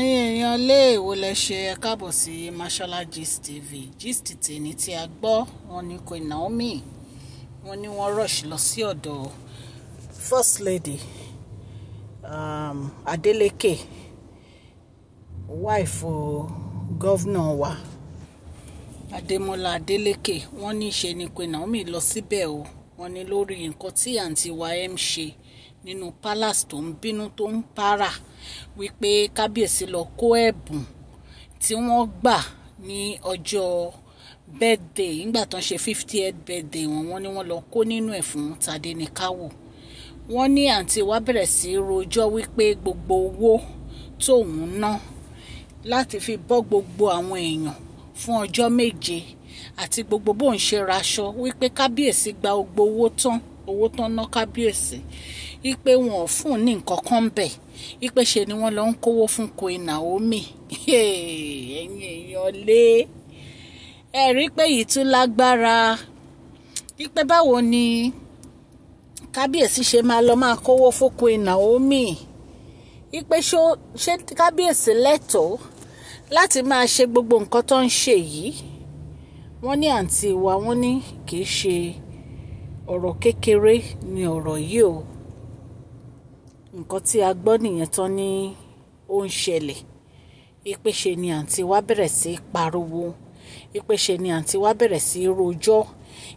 ẹ̀yin èèyàn léèwò lẹ ṣe ẹ káàbọ̀ sí Mashola Gist TV gist tèmi tí a gbọ́ wọn ni Queen Naomi wọn ni wọ́n rush lọ sí ọ̀dọ̀ first lady um, Adeleke wáìfù gọ́vnà wa Adémọ́lá Adeleke wọ́n ní í ṣe ni Queen Naomi lọ síbẹ̀ o wọ́n ní lórí nǹkan tí àǹtí wa ẹ̀ ń ṣe nínú palace tó ń bínú tó ń para wípé kábíyèsí lọ kó ẹ̀bùn tí wọ́n gbà ní ọjọ́ birthday nígbà tán ṣe fiftieth birthday wọn wọ́n ní wọ́n lọ kó nínú ẹ̀ fún Tadéníkáwò wọ́n ní àǹtí wa bẹ̀rẹ̀ sí í rojọ́ wípé gbogbo owó tóun ná láti fi bọ́ gbogbo àwọn èèyàn fún ọjọ́ méje àti gbogbo bóun ṣe raṣọ wípé kábíyèsí gba gbogbo owó tán owó tán ná kábíyèsí ipe wọn ò fún ní nǹkan kan bẹ̀ ipe ṣe ni wọ́n lọ ń kówó fún Queen Naomi ẹ̀yin èèyàn lé ẹ rí pé yìí tún lágbára ipe báwo ni kábíyèsí ṣe máa lọ máa kówó fún Queen Naomi ipe ṣe kábíyèsí lẹ́tọ̀ọ́ láti máa ṣe gbogbo nǹkan tó ń ṣe yìí wọ́n ní àǹtí wa wọ́n ní kì í ṣe. ọ̀rọ̀ kékeré ni ọ̀rọ̀ yìí o nǹkan tí a gbọ́ nìyẹn tán ní ó ń ṣẹlẹ̀ ìpèsè ni àǹtí wa bẹ̀rẹ̀ sí í pariwo ìpèsè ni àǹtí wa bẹ̀rẹ̀ sí í rojọ́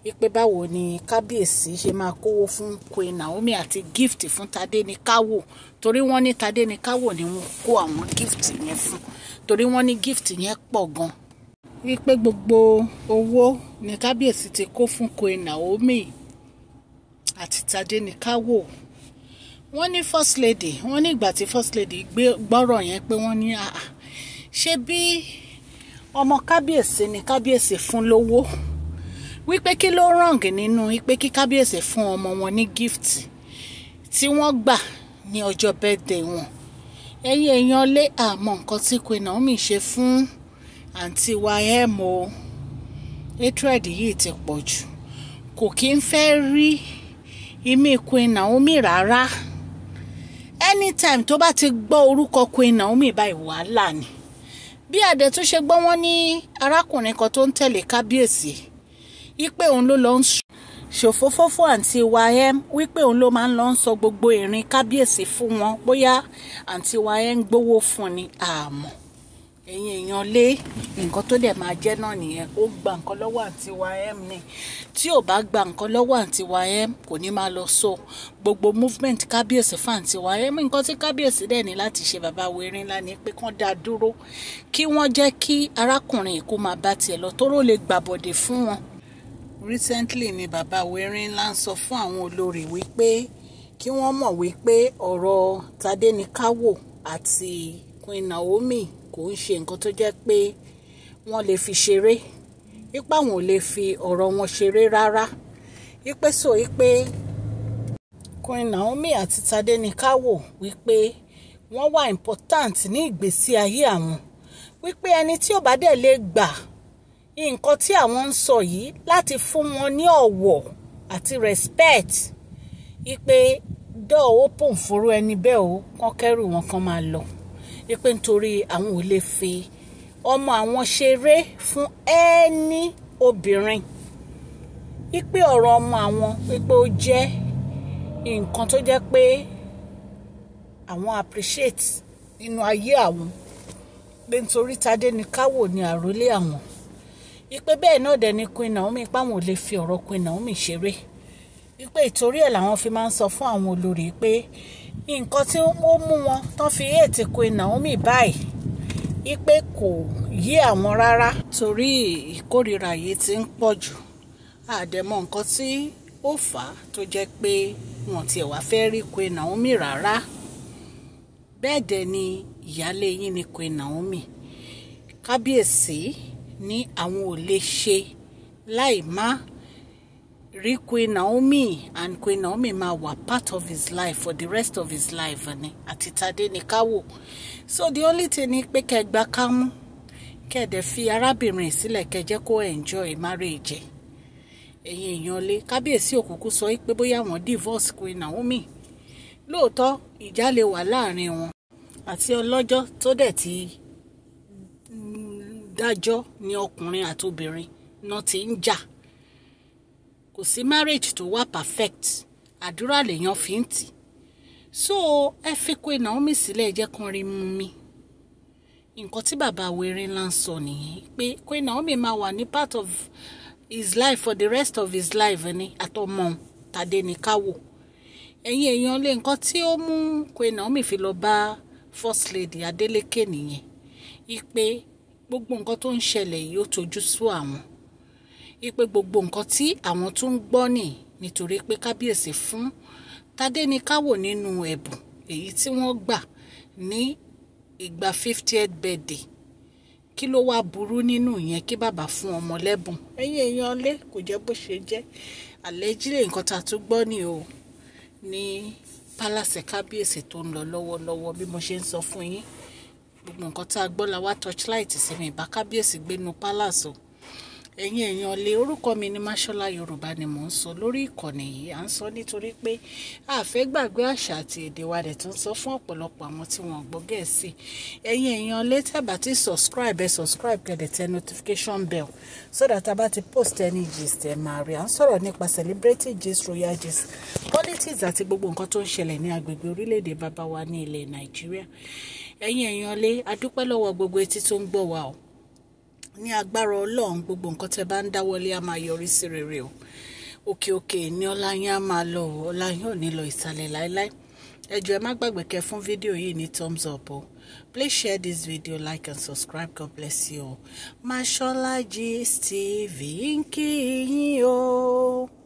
ìpè báwo ni kábíyèsí ṣe máa kówó fún Queen Naomi àti gift fún Tadéníkáwò torí wọ́n ní Tadéníkáwò ni wọ́n kó àwọn gift yẹn fún torí wọ́n ní gift yẹn pọ̀ gan-an gbogbo owó ni kábíyèsí ti kó fún Queen Naomi àti Tadé ni ká wò ní first lady wọ́n ní ìgbà tí first lady gbé gbọ́rọ̀ yẹn pé wọ́n ní àà ṣé bí ọmọ kábíyèsí ni kábíyèsí fún lówó wípé kí ló wrong nínú wípé kí kábíyèsí fún ọmọ wọn ní gift tí wọ́n gbà ní ọjọ́ birthday wọn ẹ̀yin èèyàn lé àmọ́ nǹkan tí Queen Naomi ṣe fún àǹtí wa ẹ̀mọ́ hatred yìí ti pọ̀ jù kò kí ń fẹ́ rí ìmí Queen Naomi rárá anytime tó bá ti gbọ́ orúkọ Queen Naomi báyìí wàhálà ni bí àdẹ tún ṣe gbọ́ wọ́n ní arákùnrin kan tó ń tẹ̀lé kábíyèsí wípé òun ló lọ ń ṣòfófó fún àǹtí wa ẹ́m wípé òun ló máa ń lọ ń sọ gbogbo ìrìn kábíyèsí fún wọn bóyá àǹtí wa ẹ́m gbowó fún ni àmọ́. Ah, ẹ̀yin èèyàn lé nǹkan tó dẹ̀ máa jẹ́ náà nìyẹn ó gba nǹkan lọ́wọ́ àǹtí YM ni tí ò bá gba nǹkan lọ́wọ́ àǹtí YM kò ní máa lọ so gbogbo movement kábíyèsí fàǹtí YM nǹkan tí kábíyèsí dẹ̀ ní láti ṣe bàbá wẹ̀rin ńlá ni pé kán dá dúró kí wọ́n jẹ́ kí arákùnrin ìkó máa bá tiẹ̀ lọ tóró lè gbàbọ̀dẹ̀ fún wọn. recently ni bàbá wẹ̀rin ńlá ń sọ fún àwọn olórí wípé kí wọ́n mọ̀ wípé ọ̀rọ̀ Tadé ni káwò àti Queen Naomi kò ń ṣe nǹkan tó jẹ́ pé wọ́n lè fi ṣeré ipa wọn ò lè fi ọ̀rọ̀ wọn ṣeré rárá ipe so ipe Queen Naomi àti Tadenikawo wípé wọ́n wà important ní ìgbésí ayé àwọn wípé ẹni tí ò bá dẹ̀ lè gbà nǹkan tí àwọn ń sọ yìí láti fún wọn ní ọ̀wọ̀ àti respect ipe door open fúru ẹni bẹ́ẹ̀ o kán wọn kán máa lọ pé nítorí àwọn ò lè fi ọmọ àwọn ṣeré fún ẹni obìnrin ipe ọ̀rọ̀ ọmọ àwọn pé ó jẹ́ nǹkan tó jẹ́ pé àwọn appreciate nínú ayé àwọn pé nítorí tadé ni káwò ní àròlé àwọn ipe bẹ́ẹ̀ náà dẹ̀ ni Queen Naomi páwọn ò lè fi ọ̀rọ̀ Queen Naomi ṣeré ipe ìtorí ẹ̀ làwọn fi máa ń sọ fún àwọn olórí pé nǹkan tí ó mú wọn tán fi èètì Queen Naomi báyìí ipe kò yí àwọn rárá torí ìkórìíra yìí ti ń pọ̀ jù àdẹ̀mọ̀ nǹkan tí ó fà á tó jẹ́ pé wọn tiẹ̀ wá fẹ́ rí Queen Naomi rárá bẹ́ẹ̀ dẹ̀ ni ìyáálé yín ni Queen Naomi kábíyèsí ní àwọn ò lè ṣe láì má rí Queen Naomi and Queen Naomi máa wà part of his life for the rest of his life ni àti tadé ni ká wò so the only thing ni pé kẹgbà ká mú kẹdẹ fi arábìnrin sílẹ̀ kẹjẹ kó enjoy marriage ẹ̀yin èèyàn lé kábíyèsí òkùnkùn sọ pé bóyá wọ́n divorce Queen Naomi lóòótọ́ ìjà lè wà láàrin wọn àti ọlọ́jọ́ tó dẹ̀ ti dájọ́ ni ọkùnrin àtobìnrin náà ti ń jà. Ja kò sí marriage tó wà perfect àdúrà lèèyàn fi ń tì so ẹ fi pé Naomi sílẹ̀ ẹ jẹ́ kán rí mú mi nǹkan tí bàbá wẹ̀rẹ̀ ńlá ń sọ nìyẹn pé pé Naomi máa wà ní part of his life for the rest of his life ni àtọmọ tàdé ní káwò ẹ̀yin èèyàn lé nǹkan tí ó mú pé Naomi fi lọ bá first lady Adeleke nìyẹn ipe gbogbo nǹkan tó ń ṣẹlẹ̀ yìí ó tojú sú àwọn ipe gbogbo nǹkan tí àwọn tó ń gbọ́ nì nítorí pé kábíyèsí fún Tádéníkáwò nínú ẹ̀bùn èyí tí wọ́n gbà ní ìgbà fiftieth birthday kí ló wá burú nínú ìyẹn kí bàbá fún ọmọ lẹ́bùn ẹ̀yin èèyàn lé kò jẹ́ bó ṣe jẹ́ àlẹ́jílẹ̀ nǹkan tá a tún gbọ́ ni o ní pálàsẹ̀ kábíyèsí tó ń lọ lọ́wọ́lọ́wọ́ bí mo ṣe ń sọ fún yín gbogbo nǹkan tá a gbọ́ la wá torchlight sí mi ìbá kábíyèsí gbénu pálàsì o ẹ̀yin èèyàn lè orúkọ mi ní Máṣọ́lá Yorùbá ni mò ń sọ lórí ìkànnì yìí à ń sọ nítorí pé a fẹ́ gbàgbé àṣà àti èdè wa dẹ̀ tó ń sọ fún ọ̀pọ̀lọpọ̀ àwọn tí wọ́n gbọ́ Gẹ̀ẹ́sì ẹ̀yin èèyàn lè tẹ̀bà tí subscribe ẹ̀ subscribe kẹ̀dẹ̀ tẹ notification bell so that a bá ti post any gist ẹ̀ máa rí à ń sọ̀rọ̀ nípa celebrity gist royal gist politics àti gbogbo nǹkan tó ń ṣẹlẹ̀ ní agbègbè orílẹ̀-èdè bàbá wa ní ilẹ̀ Nàìjíríà ẹ̀yin èèyàn lè adúpẹ́ lọ́wọ́ gbogbo etí tó ń gbọ́ wa o ní agbára ọlọ́run gbogbo nǹkan tẹ́ bá ń dáwọ́lé á máa yọrí sí rere o òkè òkè ní ọlá yín á máa lọ o ọlá ò ní lọ ìsàlẹ̀ láéláé ẹ ẹ má gbàgbé kẹ́ fún fídíò yìí ní thumbs up o please share this video like and subscribe god bless you o Mashola Gist TV ń o.